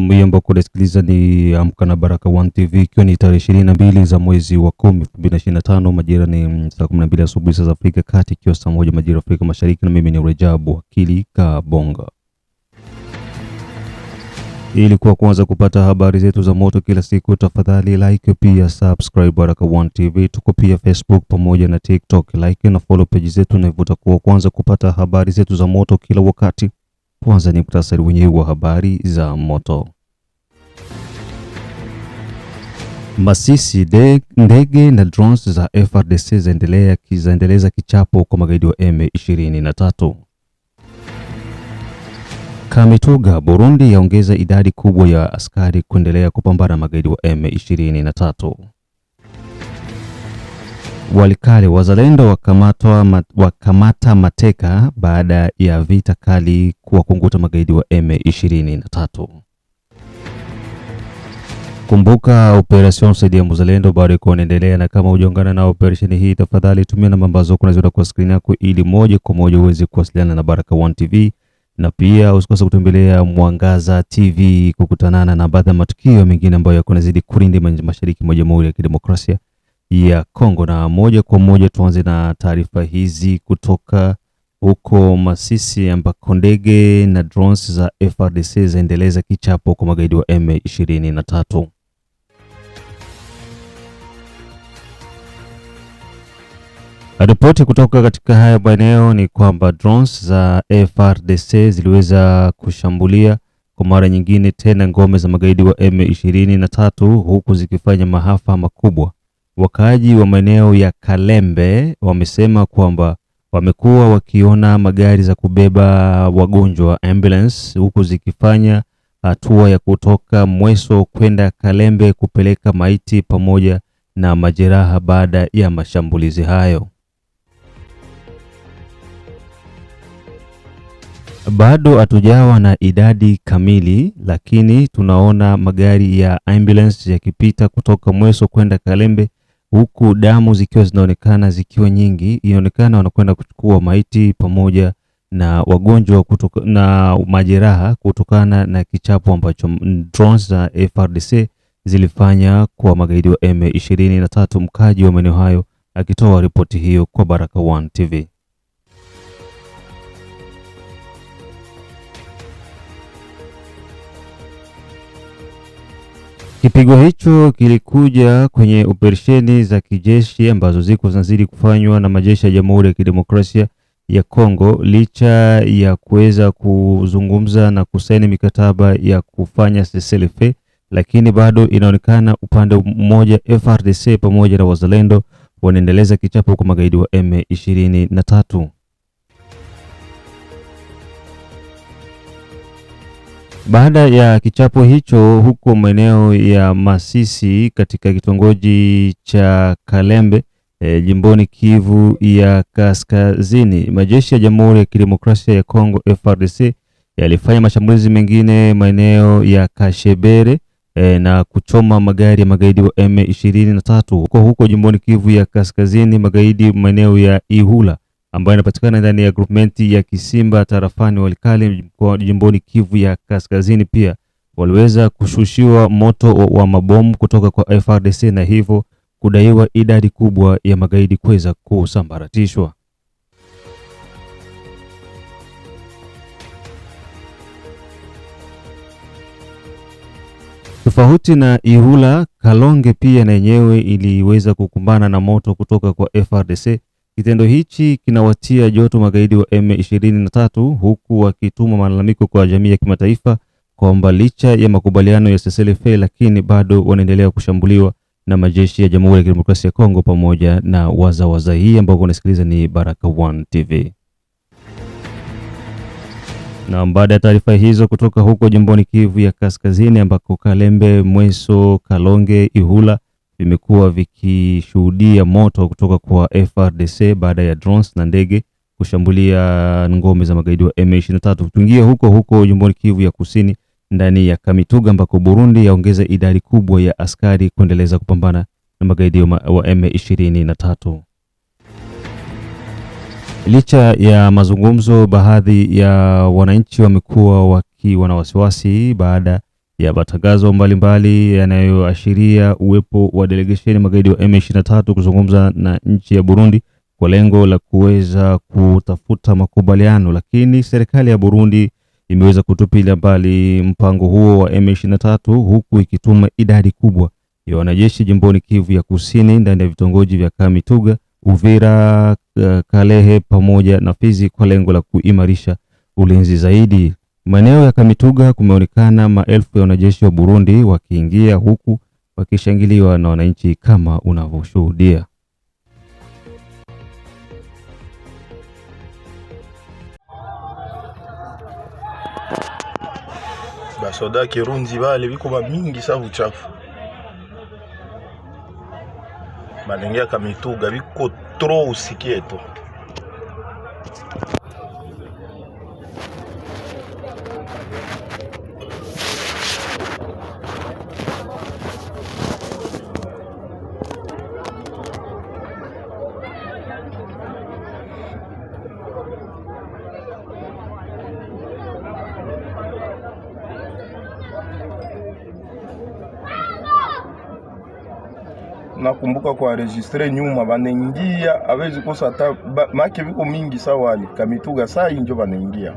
na hiyo ambao kunasikiliza ni Amka na Baraka One TV, ikiwa ni tarehe ishirini na mbili za mwezi wa kumi elfu mbili na ishirini na tano majira ni mm, saa kumi na mbili asubuhi saa za Afrika Kati, ikiwa saa moja majira Afrika Mashariki, na mimi ni Rejabu Wakili Kabonga. Ili kuwa kwanza kupata habari zetu za moto kila siku, tafadhali like, pia subscribe Baraka One TV. Tuko pia Facebook pamoja na TikTok. Like na follow page zetu, na hivyo utakuwa kwanza kupata habari zetu za moto kila wakati. Kwanza ni mktasari wenyewe wa habari za moto. Masisi, ndege na drones za zaendelea zaendeleza kichapo kwa magaidi wa M23. Kamituga, Burundi yaongeza idadi kubwa ya askari kuendelea kupambana magaidi wa M23. Walikale wazalendo wakamata, wakamata mateka baada ya vita kali kuwakunguta magaidi wa M23. Kumbuka operesheni saidia mzalendo bado iko inaendelea, na kama hujaungana na operesheni hii, tafadhali tumia namba ambazo kunaziona kwa screen yako ili moja kwa moja uweze kuwasiliana na baraka One TV, na pia usikose kutembelea Mwangaza TV kukutanana na baadhi ya matukio mengine ambayo yako nazidi kurindi mashariki mwa Jamhuri ya Kidemokrasia ya Kongo. Na moja kwa moja tuanze na taarifa hizi kutoka huko Masisi ambako ndege na drones za frdc zaendeleza kichapo kwa magaidi wa M23. Ripoti kutoka katika haya maeneo ni kwamba drones za frdc ziliweza kushambulia kwa mara nyingine tena ngome za magaidi wa M23 huku zikifanya maafa makubwa. Wakaaji wa maeneo ya Kalembe wamesema kwamba wamekuwa wakiona magari za kubeba wagonjwa ambulance huku zikifanya hatua ya kutoka Mweso kwenda Kalembe kupeleka maiti pamoja na majeraha baada ya mashambulizi hayo. Bado hatujawa na idadi kamili, lakini tunaona magari ya ambulance yakipita kutoka Mweso kwenda Kalembe huku damu zikiwa zinaonekana zikiwa nyingi. Inaonekana wanakwenda kuchukua maiti pamoja na wagonjwa kutoka, na majeraha kutokana na kichapo ambacho drones za frdc zilifanya kwa magaidi wa M23. Mkaji wa maeneo hayo akitoa ripoti hiyo kwa Baraka One TV. Kipigo hicho kilikuja kwenye operesheni za kijeshi ambazo ziko zinazidi kufanywa na majeshi ya Jamhuri ya Kidemokrasia ya Kongo licha ya kuweza kuzungumza na kusaini mikataba ya kufanya seselefe, lakini bado inaonekana upande mmoja frdc pamoja na wazalendo wanaendeleza kichapo kwa magaidi wa M23. Baada ya kichapo hicho huko maeneo ya Masisi katika kitongoji cha Kalembe e, jimboni Kivu ya Kaskazini, majeshi ya Jamhuri ya Kidemokrasia ya Kongo frdc yalifanya mashambulizi mengine maeneo ya Kashebere e, na kuchoma magari ya magaidi wa M23 huko huko jimboni Kivu ya Kaskazini, magaidi maeneo ya Ihula ambayo inapatikana ndani ya grupmenti ya Kisimba tarafani Walikale jimboni Kivu ya Kaskazini, pia waliweza kushushiwa moto wa mabomu kutoka kwa frdc na hivyo kudaiwa idadi kubwa ya magaidi kuweza kusambaratishwa. Tofauti na Ihula, Kalonge pia na yenyewe iliweza kukumbana na moto kutoka kwa frdc Kitendo hichi kinawatia joto magaidi wa M23 huku wakituma malalamiko kwa jamii ya kimataifa kwamba licha ya makubaliano ya SSLF lakini bado wanaendelea kushambuliwa na majeshi ya Jamhuri ya Kidemokrasia ya Kongo pamoja na wazawaza waza. Hii ambao unasikiliza ni Baraka One TV. Na baada ya taarifa hizo kutoka huko jimboni Kivu ya Kaskazini ambako Kalembe, Mweso, Kalonge, Ihula vimekuwa vikishuhudia moto kutoka kwa frdc baada ya drones na ndege kushambulia ngome za magaidi wa M23. Tukiingia huko huko jimboni Kivu ya Kusini, ndani ya Kamituga ambako Burundi yaongeza idadi kubwa ya askari kuendeleza kupambana na magaidi wa M23. Licha ya mazungumzo, baadhi ya wananchi wamekuwa wakiwa na wasiwasi baada ya matangazo mbalimbali yanayoashiria uwepo wa delegesheni magaidi wa M23 kuzungumza na nchi ya Burundi kwa lengo la kuweza kutafuta makubaliano, lakini serikali ya Burundi imeweza kutupilia mbali mpango huo wa M23 huku ikituma idadi kubwa ya wanajeshi jimboni Kivu ya Kusini ndani ya vitongoji vya Kamituga, Uvira, eh, Kalehe pamoja na Fizi kwa lengo la kuimarisha ulinzi zaidi. Maeneo ya Kamituga kumeonekana maelfu ya wanajeshi wa Burundi wakiingia huku wakishangiliwa na wananchi kama unavyoshuhudia. basoda kirunzi bale biko bamingi sa buchafu balenge ya Kamituga biko tro usikieto kumbuka kwa registre nyuma banaingia, avezi kosa hata make viko mingi, sawali kamituga sai njo banaingia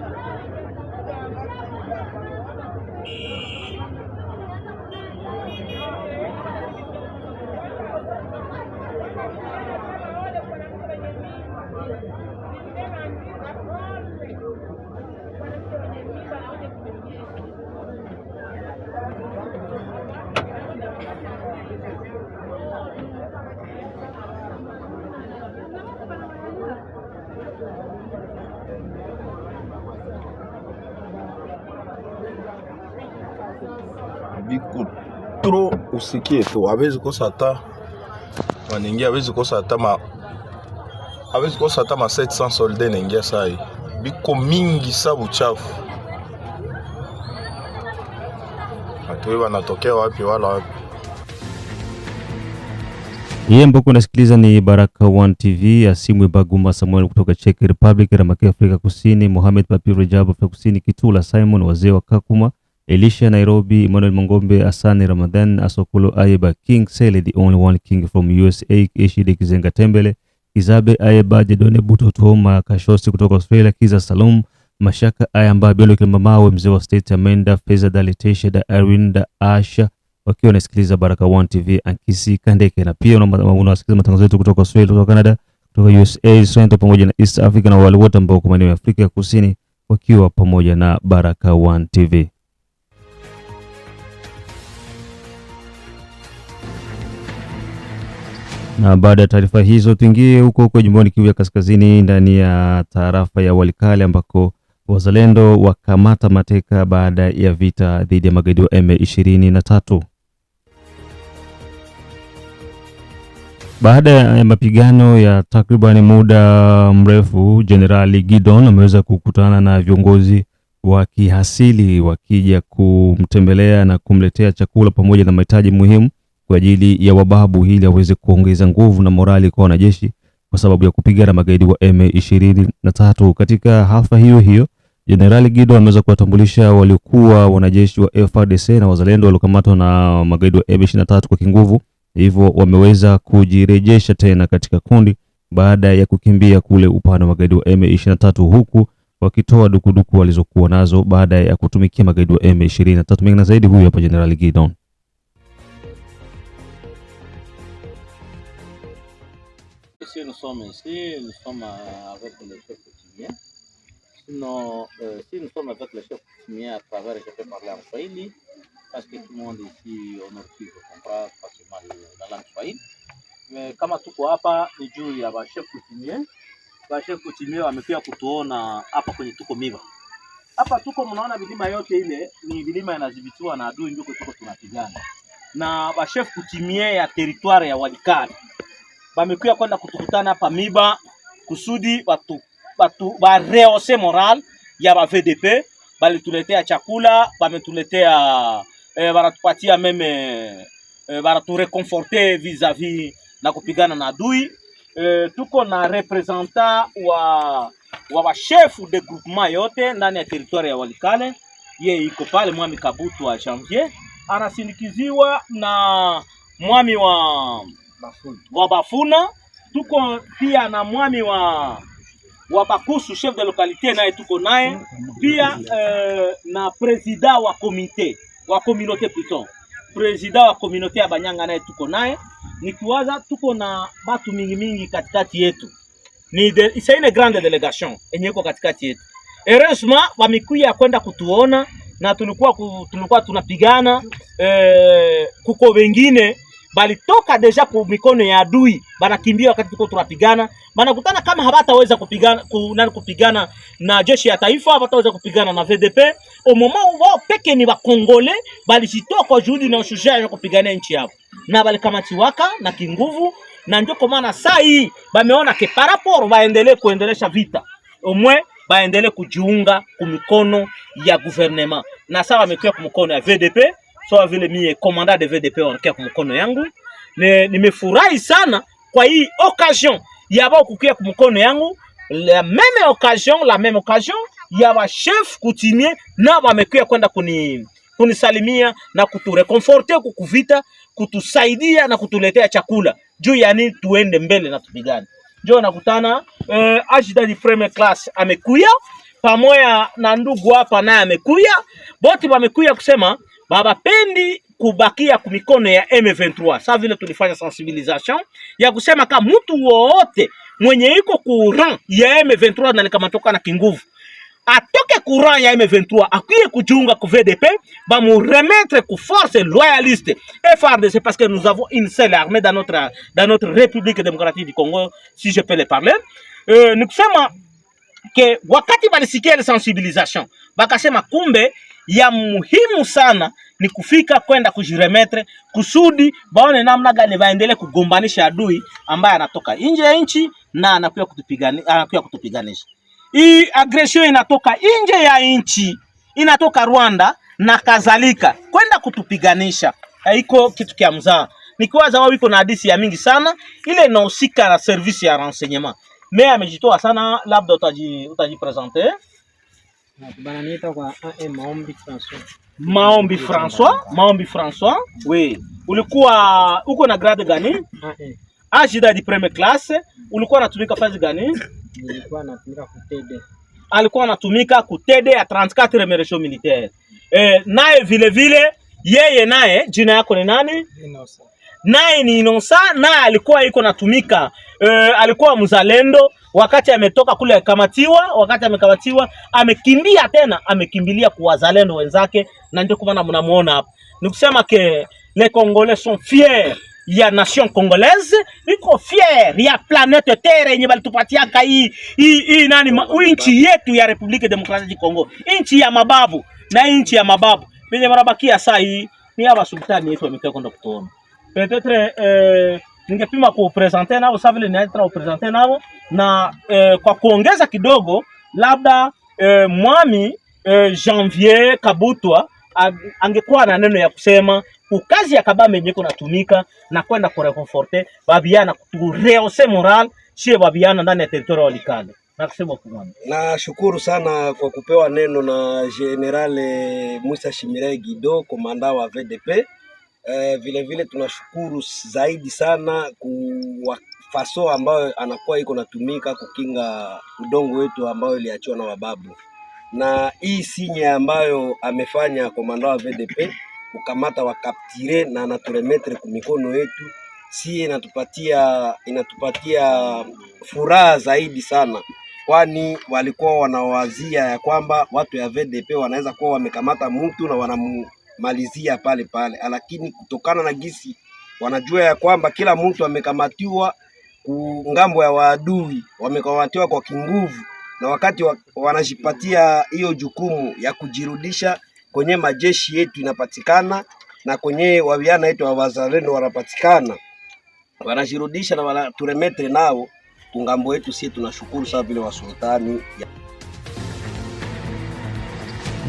trop usikie tu, hawezi kosa hata hawezi kosa hata ma hawezi kosa hata ma 700 solde naingia sai, biko mingi sa buchafu. Watu wanatokea wapi wala wapi? unasikiliza ni Baraka One TV. Asimwe Baguma Samuel kutoka Czech Republic, Ramaki Afrika Kusini, Mohamed Papi Rejabu Afrika Kusini, Kitula Simon, wazee wa Kakuma Elisha Nairobi, Emmanuel Mongombe, Asani Ramadan, Asokulo Ayeba, King Sele, the only one king from USA, Eshide Kizenga Tembele, Kizabe Ayeba, Jedone Buto Toma, Kashosi kutoka Australia, Kiza Salum, Mashaka Ayamba, Biolo Kimamawe, Mzee wa State, Amenda, Feza Dalitesha, Da Irene, Da Asha, wakiwa wanasikiliza Baraka One TV Ankisi Kandeke, na pia unawasikiliza matangazo yetu kutoka Australia, kutoka Canada, kutoka USA, Soweto pamoja na East Africa na wale wote ambao kwa maeneo ya Afrika ya Kusini wakiwa pamoja na Baraka One TV. Na baada ya taarifa hizo, tuingie huko huko jimboni Kivu ya Kaskazini, ndani ya tarafa ya Walikale ambako wazalendo wakamata mateka baada ya vita dhidi ya magaidi wa M23. Baada ya mapigano ya takriban muda mrefu, Jenerali Gidon ameweza kukutana na viongozi wa kihasili wakija kumtembelea na kumletea chakula pamoja na mahitaji muhimu kwa ajili ya Wababu ili aweze kuongeza nguvu na morali kwa wanajeshi kwa sababu ya kupigana magaidi wa M23. Katika hafla hiyo hiyo, Jenerali Gido ameweza kuwatambulisha waliokuwa wanajeshi wa FARDC na wazalendo waliokamatwa na magaidi wa M23 kwa kinguvu, hivyo wameweza kujirejesha tena katika kundi baada ya kukimbia kule upande wa magaidi wa M23 huku wakitoa dukuduku walizokuwa nazo baada ya kutumikia magaidi wa M23. Mengi na zaidi, huyu hapa Jenerali Gideon. Si nous sommes ici, nous sommes avec le chef coutumier. Sinon, euh, si nous sommes avec le chef coutumier à travers, je peux parler en swahili, parce que tout le monde ici au nord Kivu comprend facilement la langue swahili. Mais comme kama tuko hapa ni juu ya ba chef coutumier. le chef coutumier a wamekuja kutuona hapa kwenye tuko miba. Hapa tuko mnaona vilima yote ile ni vilima inadhibitiwa na adui, ndio tuko tunapigana. Na ba chef coutumier ya territoire ya Walikale bamekuya kwenda kutukutana hapa Miba kusudi batu, batu, bareose moral ya ba VDP. Balituletea chakula bametuletea e, baratupatia meme e, eh, baratureconforte vis-a-vis na kupigana na adui e, tuko na representant wa wa bashefu de groupement yote ndani ya territoire ya Walikale. Ye iko pale mwami Kabutu wa Janvier anasindikiziwa na mwami wa Bafuna. wa Bafuna tuko pia na mwami wa wa Bakusu chef de localité naye tuko naye pia eh, na presida wa comité wa communauté plutôt presida wa communauté ya Banyanga naye tuko naye nikiwaza, tuko na batu mingi mingi katikati yetu, ni de, une grande delegation enye iko katikati yetu. Heureusement wamekuya kwenda kutuona na tulikuwa tulikuwa tunapigana eh, kuko wengine bali toka deja ku mikono ya adui, banakimbia wakati tuko tunapigana, banakutana kama hawataweza kupigana ku, nani kupigana na jeshi ya taifa, hawataweza kupigana na VDP au moment où wao peke ni bali balishitoa kwa juhudi na ushujaa ya kupigania nchi yao, na bali kama chiwaka na kinguvu, na ndio kwa maana saa hii bameona ke paraporo baendelee kuendelesha vita omwe baendelee kujiunga kumikono ya guvernema na sawa amekuwa kumikono ya VDP sawa vile mie komanda de VDP wanakia kumukono yangu. ne, Nimefurahi sana kwa hii occasion ya bao kukia kumukono yangu, la meme occasion, la meme occasion ya ba chef kutimie na wamekuya kwenda kuni kunisalimia na kuturekonforte kukuvita kutusaidia na kutuletea chakula juu yani tuende mbele na tupigane. Njoo nakutana eh, ajida di premier class amekuya pamoja na ndugu hapa naye amekuya, boti wamekuya kusema baba pendi kubakia kumikono ya M23. Sa vile tulifanya sensibilisation ya kusema kama mtu wowote mwenye iko kuran ya M23 na likamatoka na kinguvu atoke kuran ya M23 akwiye kujiunga ku VDP ba mu remettre ku force loyaliste FARDC parce que nous avons une seule armée dans notre dans notre République démocratique du Congo si je peux le parler. Euh, nikusema ke wakati balisikia ile sensibilisation bakasema kumbe ya muhimu sana ni kufika kwenda kujiremetre kusudi baone namna gani waendelee kugombanisha adui ambaye anatoka nje ya nchi na anakuja kutupigani, anakuja kutupiganisha. Hii aggression inatoka nje ya nchi, inatoka Rwanda na kadhalika kwenda kutupiganisha, haiko kitu kia mzaa. Nikiwaza wao iko na hadithi ya mingi sana ile inahusika na service ya renseignement. Me amejitoa sana, labda utaji utajipresente E Maombi Francois, Maombi Francois, Oui. ulikuwa uko na grade gani? A jida di premier classe. Ulikuwa unatumika fazi gani? Nilikuwa natumika ku TD. Alikuwa anatumika ku TD ya 34 Meresho militaire. Eh, naye vile vile yeye naye jina yako ni nani? Innocent naye ni inosa, naye alikuwa iko natumika e, alikuwa mzalendo wakati ametoka kule akamatiwa, wakati amekamatiwa amekimbia tena, amekimbilia kuwazalendo wenzake, na ndio kwa maana mnamuona hapa. Ni kusema ke les Congolais sont fiers ya nation congolaise, iko fier ya planete Terre yenye balitupatia hii hii nani inchi yetu ya Republique Democratique Congo, inchi ya mababu na inchi ya mababu venye marabakia saa hii ni hapa sultani yetu amekaa kwenda kutuona Petetre eh, ningepima kupresente nao saa vile nina kupresente nao na euh, kwa kuongeza kidogo labda eh, mwami eh, Janvier Kabutwa angekuwa na neno ya kusema kukazi ya kabame yenye kunatumika na kwenda kurekonforte babiana kureose moral sie babiana ndani ya teritoria walikale. shukuru sana kwa kupewa neno na General eh, Musa Shimire Guido komanda wa VDP. Eh, vile vile tunashukuru zaidi sana kwa faso ambayo anakuwa iko natumika kukinga udongo wetu ambayo iliachiwa na wababu, na hii sinye ambayo amefanya komanda wa VDP kukamata wakaptire na anaturemetre kumikono yetu si inatupatia inatupatia furaha zaidi sana, kwani walikuwa wanawazia ya kwamba watu ya VDP wanaweza kuwa wamekamata mtu na wanamu malizia pale pale, ah, lakini kutokana na gisi wanajua ya kwamba kila mtu amekamatiwa kungambo ya waadui, wamekamatiwa kwa kinguvu, na wakati wa, wanajipatia hiyo jukumu ya kujirudisha kwenye majeshi yetu inapatikana na kwenye waviana yetu wa wazalendo wanapatikana, wanajirudisha na wanaturemete nao kungambo yetu. Sie tunashukuru sana vile wasultani ya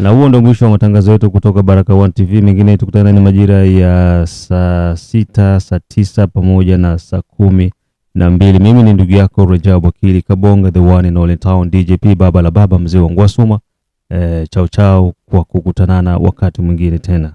na huo ndio mwisho wa matangazo yetu kutoka Baraka One TV. Mengine tukutana ni majira ya saa sita, saa tisa pamoja na saa kumi na mbili. Mimi ni ndugu yako Rajabu Wakili Kabonga, the one in all in town, DJP baba la baba, mzee wa Ngwasuma. Eh, chao chao, kwa kukutanana wakati mwingine tena.